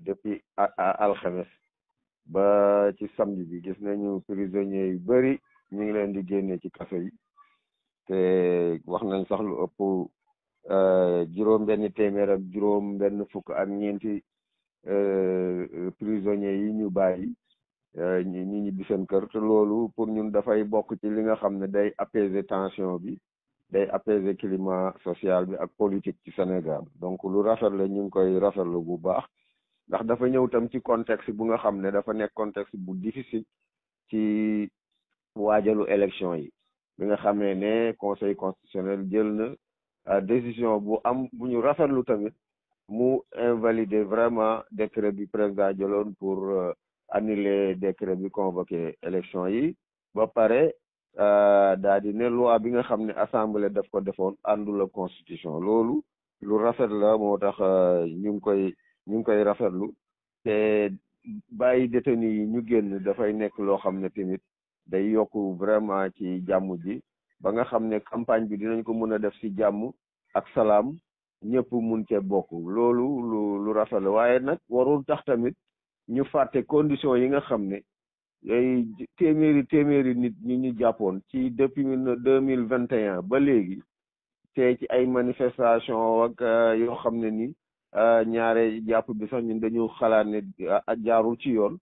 depuis alxames ba ci samedi bi gis nañu prisonniers yu bëri ñu ngi leen di génne ci kaso yi te wax nañ sax lu ëpp euh, juróom benn téeméer ak juróom benn fukk ak ñeenti euh, prisonniers yi ñu bàyyi euh, ñi ñu ñibbi seen kër te loolu pour ñu dafay bokk ci li nga xam ne day apaiser tension bi day apaiser climat social bi ak politique ci Sénégal donc lu rafet la ñu ngi koy rafetlu bu baax ndax dafa ñëw tam ci contexte bu nga xam ne dafa nekk contexte bu difficile ci waajalu élection yi bi nga xamee ne conseil constitutionnel jël na euh, décision bu am bu ñu rafetlu tamit mu invalider vraiment décret bi président jëloon pour euh, annuler décret bi convoqué élection yi ba pare euh, daa di ne loi bi nga xam ne assemblée def ko defoon àndul la constitution loolu lu rafet la moo tax ñu koy ñu ngi koy rafetlu te bàyyi détenu yi ñu génn dafay nekk loo xam ne tamit day yokku vraiment ci jàmm ji ba nga xam ne campagne bi dinañ ko mën a def ci jàmm ak salaam ñëpp mun cee bokk loolu lu lu rafet la waaye nag warul tax tamit ñu fàtte condition yi nga xam ne yooyu téeméeri téeméeri nit ñu ñu jàppoon ci depuis deux mille vingt et un ba léegi te ci ay manifestation ak euh, yoo xam ne ni Euh, ñaare jàpp bi sax ñun dañu xalaat ne euh, jaarul ci yoon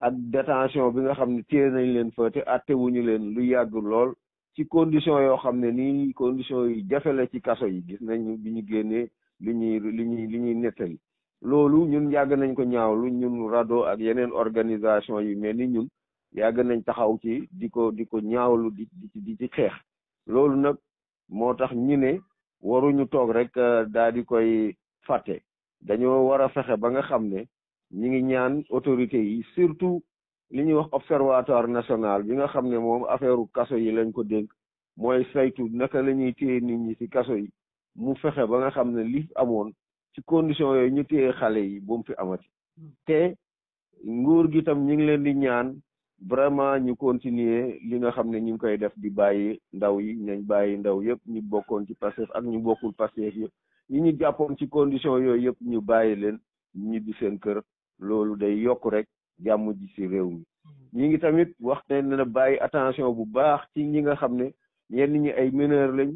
ak détention bi nga xam ne téye nañ leen fa te attewuñu leen lu yàgg lool ci condition yoo xam ne nii condition yi jafe la ci kaso yi gis nañ bi ñu génnee li ñuy li ñuy li ñuy nettali loolu ñun yàgg nañ ko ñaawlu ñun rado ak yeneen organisation yi mel ni ñun yàgg nañ taxaw ci di ko di ko ñaawlu di di ci xeex loolu nag moo tax ñu ne waruñu toog rek euh, daal di koy fàtte dañoo war a fexe ba nga xam ne ñi ngi ñaan autorités yi surtout li ñuy wax observatoire nationale bi nga xam ne moom affaire kaso yi lañ ko dénk mooy saytu naka la ñuy téye nit ñi ci kaso yi mu fexe ba nga xam ne li amoon ci condition yooyu ñu téye xale yi bu mu fi amati te nguur gi tam ñi ngi leen di ñaan vraiment ñu continuer li nga xam ne ñu ngi koy def di bàyyi ndaw yi nañ bàyyi ndaw yëpp ñu bokkoon ci Pastef ak ñu bokkul Pastef yëpp ñi ñu jàppoon ci condition yooyu yëpp ñu bàyyi leen ñibbi seen kër loolu day yokk rek jàmm ji ci réew mi mm-hmm. ñi ngi tamit waxteen ne na bàyyi attention bu baax ci ñi nga xam ne ñenn ñi ay mineur lañ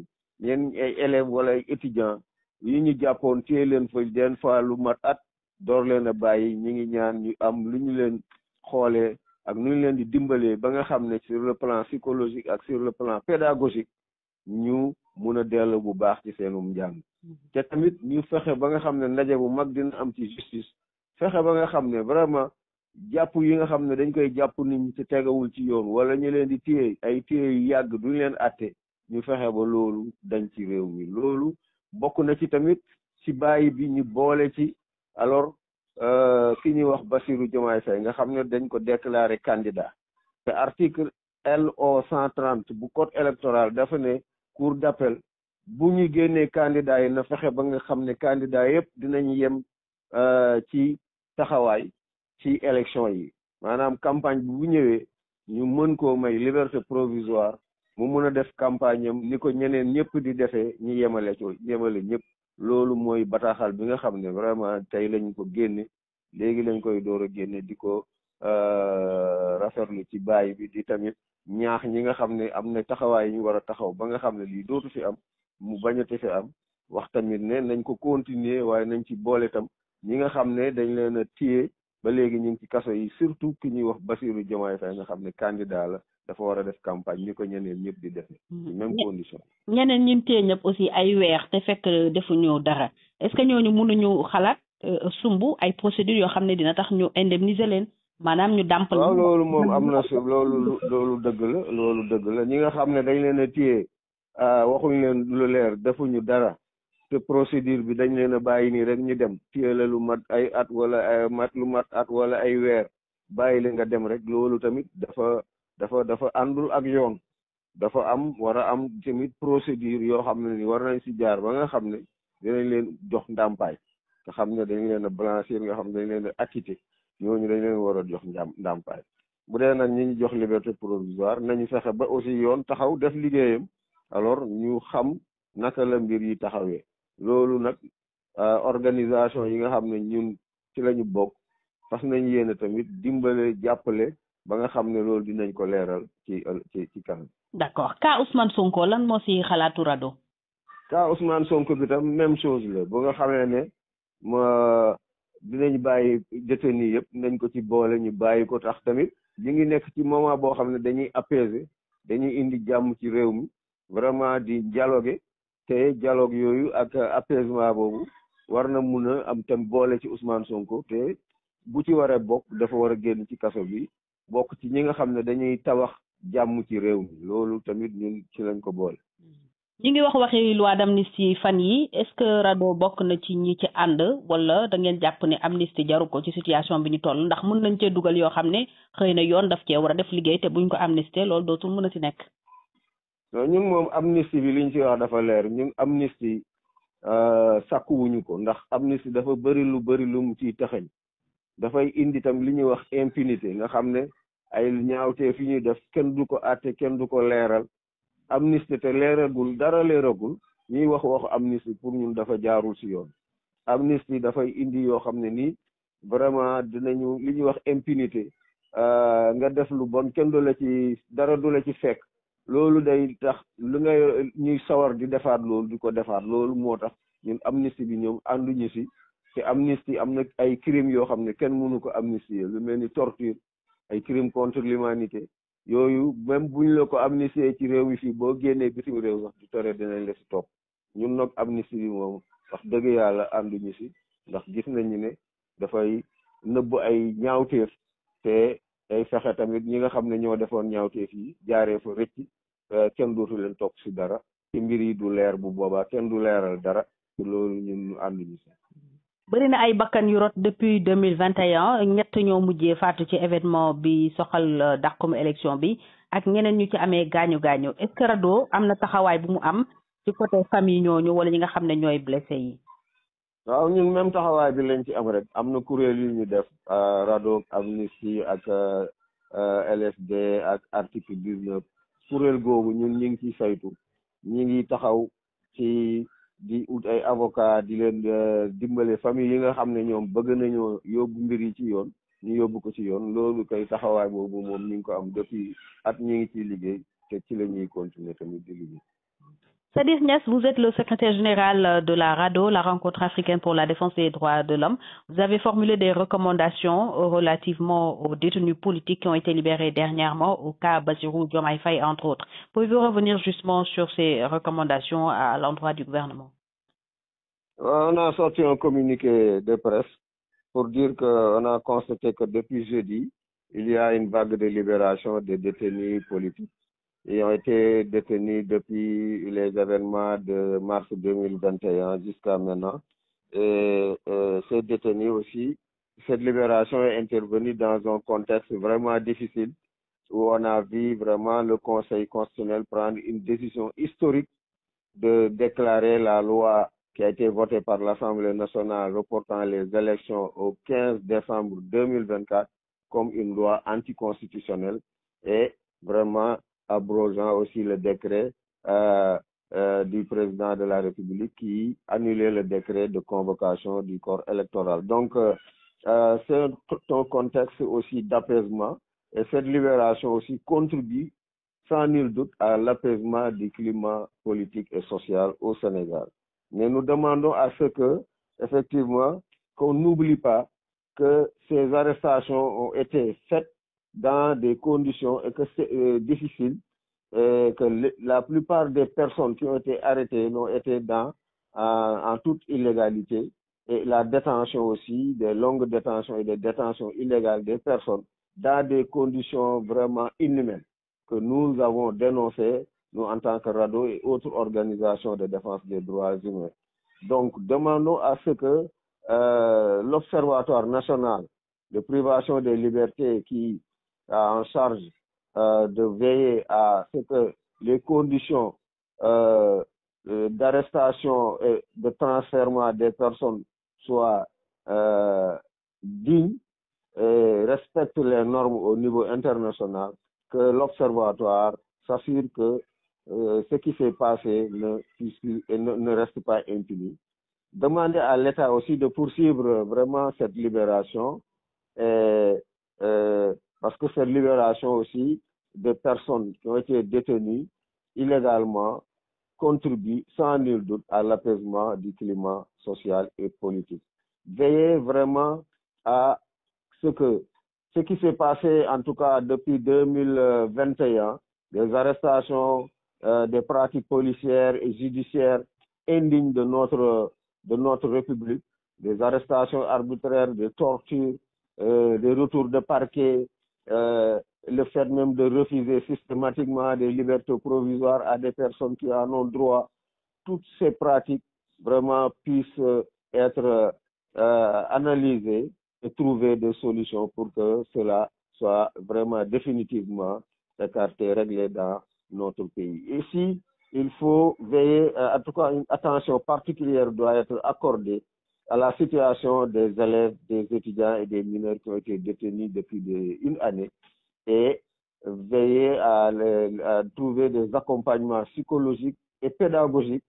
ñenn ñi élèves wala ay étudiants yi ñu jàppoon ci leen fa den fois lu mat at door leen a bàyyi ñi ngi ñaan ñu am lu ñu leen xoolee ak nu ñu leen di dimbalee ba nga xam ne sur le plan psychologique ak sur le plan pédagogique ñu mun a dell bu baax ci seenum njàng te tamit ñu fexe ba nga xam ne ndaje bu mag dina am ci justice fexe ba nga xam ne vraiment jàpp yi nga xam ne dañ koy jàpp niñ ñi te tegawul ci yoon wala ñu leen di téye ay téye yu yàgg duñ leen atte ñu fexe ba loolu dañ ci réew mi loolu bokk na ci tamit ci bàyyi bi ñu boole ci alors euh, ki ñuy wax Bassirou Diomaye Faye nga xam ne dañ ko déclaré candidat te article cent 130 bu code électoral dafa ne cour d'appel bu ñu génnee candidat yi na fexe ba nga xam ne candidat yëpp dinañ yem euh, ci taxawaay ci élection yi maanaam campagne bi bu ñëwee ñu mën koo may liberté provisoire mu mën a def campagne am ni ko ñeneen ñëpp di defee ñu yemale ko yemale ñëpp loolu mooy bataaxal bi nga xam ne vraiment tey lañ ko génne léegi lañ koy door a génne di ko euh, rafetlu ci baay bi di tamit ñaax ñi nga xam ne am na taxawaay ñu war a taxaw ba nga xam ne lii dootu fi am mu bañ a tefe am wax tamit ne nañ ko continuer waaye nañ ci boole tam ñi nga xam ne dañ leen a téye ba léegi ñu ngi ci kaso yi surtout ki ñuy wax Bassirou Diomaye Faye nga xam ne candidat la dafa war a def campagne ñi ko ñeneen ñëpp di def mm-hmm. ci même condition ñeneen ñun ñëpp aussi ay weer te fekk defuñu dara est-ce que ñoo ñu mun ñooñu mënuñu xalaat euh, sumb ay procédures yoo xam ne dina tax ñu indemniser leen maanaam ñu dàmpal waaw loolu moom am na si loolu loolu dëgg la loolu dëgg la ñi nga xam ne dañ leen a téye Ah, waxul ne lu leer defuñu dara te procédure bi dañ leena a bàyyi nii rek ñu dem téela lu mat ay at wala ay eh, mat lu mat at wala ay weer bàyyi la nga dem rek loolu tamit dafa dafa dafa àndul ak yoon dafa am war a am tamit procédure yoo xam ne ni war nañ si jaar ba nga xam ne dinañ leen jox ndàmpaay nga xam ne dañ leen a blanchir nga xam ne dañ leen a acquitté ñooñu dañ leen war a jox ndàmpaay bu dee nag ñi ñu jox liberté provisoire nañu fexe ba aussi yoon taxaw def liggéeyam alors ñu xam naka la mbir yi taxawee loolu nag euh, organisation yi nga xam ne ñun ci la ñu bokk fas nañ yéene tamit dimbale jàppale ba nga xam ne loolu dinañ ko leeral ci ci ci kanam. d'accord ka Ousmane Sonko lan moo xalaatu RADDHO. ka Ousmane Sonko bi tam même chose la ba nga xamee ne ma dinañ bàyyi détenu yëpp nañ ko ci boole ñu bàyyi ko tax tamit ñu ngi nekk ci moment boo xam ne dañuy apaiser dañuy indi jàmm ci réew mi. vraiment di dialoguer te dialogue yooyu ak apaisement boobu war na mun a am tam boole ci Ousmane Sonko te bu ci waree bokk dafa war a génn ci kaso bi bokk ci ñi nga xam ne dañuy tabax jàmm ci réew mi loolu tamit ñun ci lañ ko boole. ñi ngi wax waxi loi d'amnistie fan yi est-ce que Rado bokk na ci ñi ci ànd wala da ngeen jàpp ni amnistie jaru ko ci situation bi ñu toll ndax mun nañ cee dugal yoo xam ne xëy na yoon daf cee war a def liggéey te buñ ko amnistie loolu dootul mën a ci nekk. non ñun moom amnistie bi ñu ci wax dafa leer ñun amnistie euh, sàkkuwuñu ko ndax amnistie dafa bëri lu bëri lu mu ciy taxañ dafay indi tam li ñuy wax impunité nga xam ne ay ñaawtee fi ñuy def kenn du ko àtte kenn du ko leeral amnistie te leeragul dara leeragul ñuy wax waxu amnistie pour ñun dafa jaarul ci yoon amnistie dafay indi yoo xam ne nii vraiment dinañu li ñuy wax impunité euh, nga def lu bon kenn du la ci dara du la ci fekk loolu day tax lu ngay ñuy sawar di defaat loolu di ko defaat loolu moo tax ñun amnistie bi ñoom ànduñu si te amnistie am na ay crimes yoo xam ne kenn mënu ko amnistier lu mel ni torture ay crimes contre l'humanité yooyu même buñ ko ko amnistier ci réew mi fii boo génnee bitim réew sax di tore dinañ la si topp ñun nag amnistie bi moom wax dëgg yàlla ànduñu si ndax gis nañu ne dafay nëbb ay ñaawteef te day fexe tamit ñi nga xam ne ñoo defoon ñaawteef yi jaaree fa rëcc Euh, kenn dootu leen topp si dara ci mbir yi du leer bu boobaa kenn du leeral dara loolu ñun ànduñu si bëri na ay bakkan yu rot depuis deux mille vingt et ñett ñoo mujjee faatu ci événement bi soxal euh, dàqum élection bi ak ñeneen ñu ci amee gaañu gaañu est am na taxawaay bu mu am ci côté famille ñooñu wala ñi nga xam ne ñooy blessé yi. waaw ñun même taxawaay bi lañ ci am rek am na kuréel yu ñu def euh, RADDHO Amnesty ak LSD ak article dix-neuf kuréel googu ñun ñu ngi ciy saytu ñi ngi taxaw ci di ut ay avocat di leen euh, dimbale famille yi nga xam ne ñoom bëgg nañoo yóbbu mbir yi ci yoon ñu yóbbu ko ci yoon loolu koy taxawaay boobu moom ñu ngi ko am depuis at ñu ngi ciy liggéey te ci la ñuy continuer tamit di liggéey Sadir Nias, vous êtes le secrétaire général euh, de la RADO, la rencontre africaine pour la défense des droits de l'homme. Vous avez formulé des recommandations relativement aux détenus politiques qui ont été libérés dernièrement, au cas Basirou Diomaye entre autres. Pouvez-vous revenir justement sur ces recommandations à l'endroit du gouvernement On a sorti un communiqué de presse pour dire qu'on a constaté que depuis jeudi, il y a une vague de libération des détenus politiques et ont été détenus depuis les événements de mars 2021 jusqu'à maintenant. Et, euh, ces détenus aussi, cette libération est intervenue dans un contexte vraiment difficile où on a vu vraiment le Conseil constitutionnel prendre une décision historique de déclarer la loi qui a été votée par l'Assemblée nationale reportant les élections au 15 décembre 2024 comme une loi anticonstitutionnelle et vraiment abrogeant aussi le décret euh, euh, du président de la République qui annulait le décret de convocation du corps électoral. Donc, euh, c'est un, contexte aussi d'apaisement et cette libération aussi contribue sans nul doute à l'apaisement du climat politique et social au Sénégal. Mais nous demandons à ce que, effectivement, qu'on n'oublie pas que ces arrestations ont été faites dans des conditions et que c'est et euh, euh, que la plupart des personnes qui ont été arrêtées n'ont été dans, en toute illégalité, et la détention aussi, des longues détentions et des détentions illégales des personnes dans des conditions vraiment inhumaines que nous avons dénoncées, nous en tant que RADO et autres organisations de défense des droits humains. Donc, demandons à ce que euh, l'Observatoire national de privation des libertés qui euh, en charge euh, de veiller à ce que les conditions euh, d'arrestation et de transfert des personnes soient dignes et respectent les normes au niveau international, que l'observatoire s'assure que ce qui s'est passé ne, ne, ne, reste pas impuni. Demander à l'État aussi de poursuivre vraiment cette libération et euh, parce que cette libération aussi des personnes qui ont été détenues illégalement contribue sans nul doute à l'apaisement du climat social et politique. Veillez vraiment à ce que ce qui s'est passé, en tout cas depuis 2021, des arrestations, euh, des pratiques policières et judiciaires indignes de notre, de notre République, des arrestations arbitraires, des tortures, euh, des retours de parquet, euh, le fait même de refuser systématiquement des libertés provisoires à des personnes qui en ont droit, toutes ces pratiques vraiment puissent euh, être euh, analysées et trouver des solutions pour que cela soit vraiment définitivement écarté, réglé dans notre pays. Ici, il faut veiller, en tout cas une attention particulière doit être accordée à la situation des élèves, des étudiants et des mineurs qui ont été détenus depuis une année et veiller à, trouver des accompagnements psychologiques et pédagogiques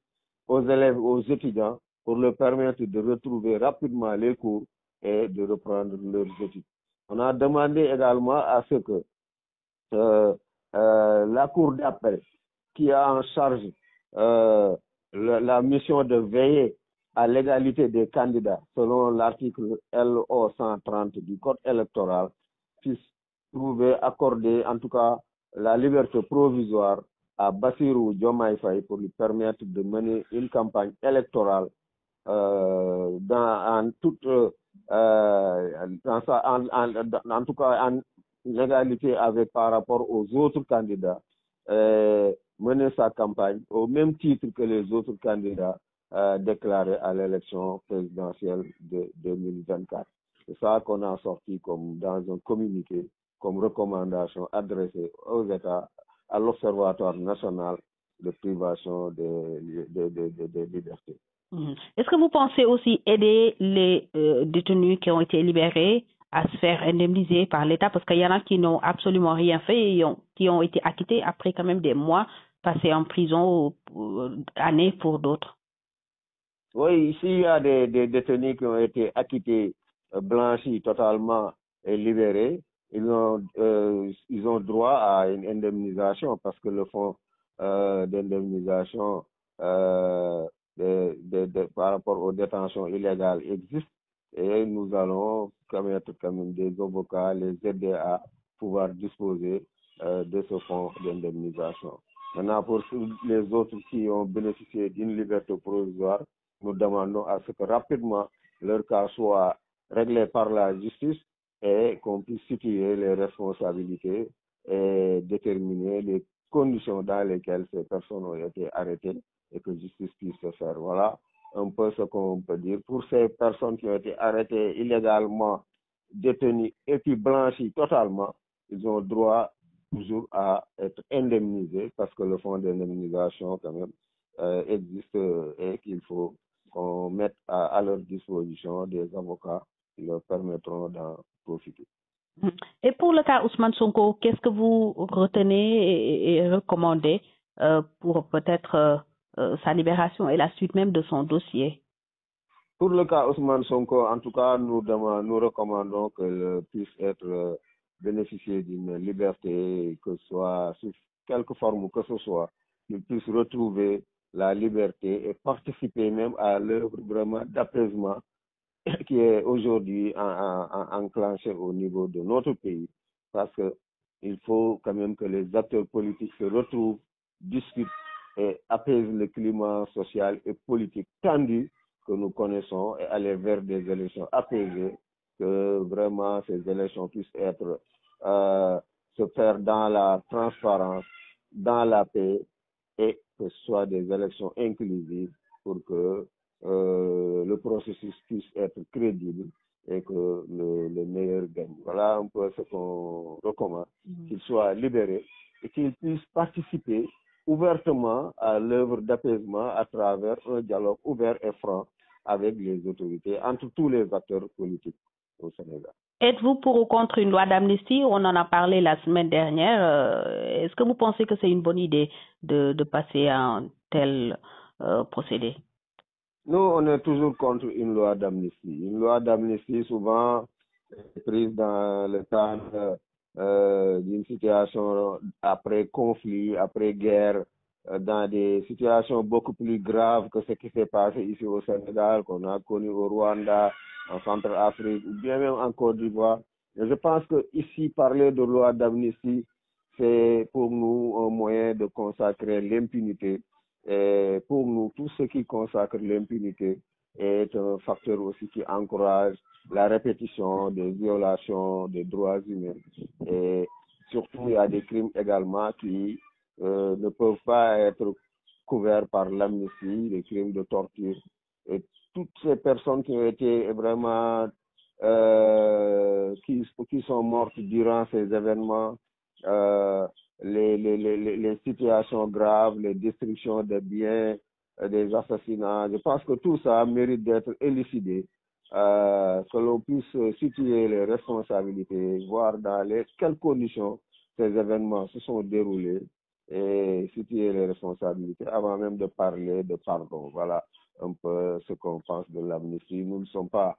aux élèves, aux étudiants pour leur permettre de retrouver rapidement les cours et de reprendre leurs études. On a demandé également à ce que euh, euh, la Cour d'appel qui a en charge euh, la mission de veiller à l'égalité des candidats selon l'article LO 130 du Code électoral puisse trouver accorder en tout cas la liberté provisoire à Bassirou Diomaye pour lui permettre de mener une campagne électorale euh, dans en toute euh, euh, en, tout cas en égalité avec par rapport aux autres candidats mener sa campagne au même titre que les autres candidats euh, déclaré à l'élection présidentielle de 2024. C'est ça qu'on a sorti comme dans un communiqué, comme recommandation adressée aux États, à l'Observatoire national de privation des de, de, libertés. Mm-hmm. Est-ce que vous pensez aussi aider les euh, détenus qui ont été libérés à se faire indemniser par l'État parce qu'il y en a qui n'ont absolument rien fait et qui ont été acquittés après quand même des mois passés en prison ou années pour d'autres. Oui, ici, il y a des, détenus qui ont été acquittés, euh, blanchis totalement et libérés. Ils ont, euh, ils ont droit à une indemnisation parce que le fonds euh, d'indemnisation par rapport aux détentions illégales existe et nous allons comme des avocats les aider à pouvoir disposer de ce fonds d'indemnisation. Maintenant, pour les autres qui ont bénéficié d'une liberté provisoire, nous demandons à ce que rapidement leur cas soit réglé par la justice et qu'on puisse situer les responsabilités et déterminer les conditions dans lesquelles ces personnes ont été arrêtées et que justice puisse se faire. Voilà un peu ce qu'on peut dire. Pour ces personnes qui ont été arrêtées illégalement, détenues et puis blanchies totalement, ils ont droit toujours à être indemnisés parce que le fonds d'indemnisation quand même euh, existe euh, et qu'il faut on met à, leur disposition des avocats qui leur permettront d'en profiter. Et pour le cas Ousmane Sonko, qu'est-ce que vous retenez et, recommandez euh, pour peut-être euh, euh, sa libération et la suite même de son dossier Pour le cas Ousmane Sonko, en tout cas, nous, nous recommandons qu'elle puisse être bénéficié d'une liberté, que ce soit sous quelque forme que ce soit, qu'elle puisse retrouver la liberté et participer même à l'œuvre vraiment d'apaisement qui est aujourd'hui enclenchée au niveau de notre pays. Parce qu'il faut quand même que les acteurs politiques se retrouvent, discutent et apaisent le climat social et politique tendu que nous connaissons et aller vers des élections apaisées, que vraiment ces élections puissent être, euh, se faire dans la transparence, dans la paix et que ce soit des élections inclusives pour que euh, le processus puisse être crédible et que le, meilleur gagne. Voilà un peu ce qu'on recommande, mmh. qu'ils soient libérés et qu'ils puissent participer ouvertement à l'œuvre d'apaisement à travers un dialogue ouvert et franc avec les autorités, entre tous les acteurs politiques au Sénégal. Êtes-vous pour ou contre une loi d'amnistie On en a parlé la semaine dernière. Euh, est-ce que vous pensez que c'est une bonne idée de, passer à un tel euh, procédé Nous, on est toujours contre une loi d'amnistie. Une loi d'amnistie, souvent, est prise dans le temps euh, d'une situation après conflit, après guerre, euh, dans des situations beaucoup plus graves que ce qui s'est passé ici au Sénégal, qu'on a connu au Rwanda, en Centrafrique, ou bien même en Côte d'Ivoire. Je pense que ici, parler de loi d'amnistie, c'est pour nous un moyen de consacrer l'impunité. Et pour nous, tout ce qui consacre l'impunité est un facteur aussi qui encourage la répétition des violations des droits humains. Et surtout, il y a des crimes également qui euh, ne peuvent pas être couverts par l'amnistie, les crimes de torture. Et toutes ces personnes qui ont été vraiment, euh, qui, qui sont mortes durant ces événements, euh, les, les, les, situations graves, les destructions des biens, des assassinats, je pense que tout ça mérite d'être élucidé. que l'on puisse situer les responsabilités, voir dans quelles conditions ces événements se sont déroulés, et situer les responsabilités avant même de parler de pardon. Voilà un peu ce qu'on pense de l'amnistie. Nous ne sommes pas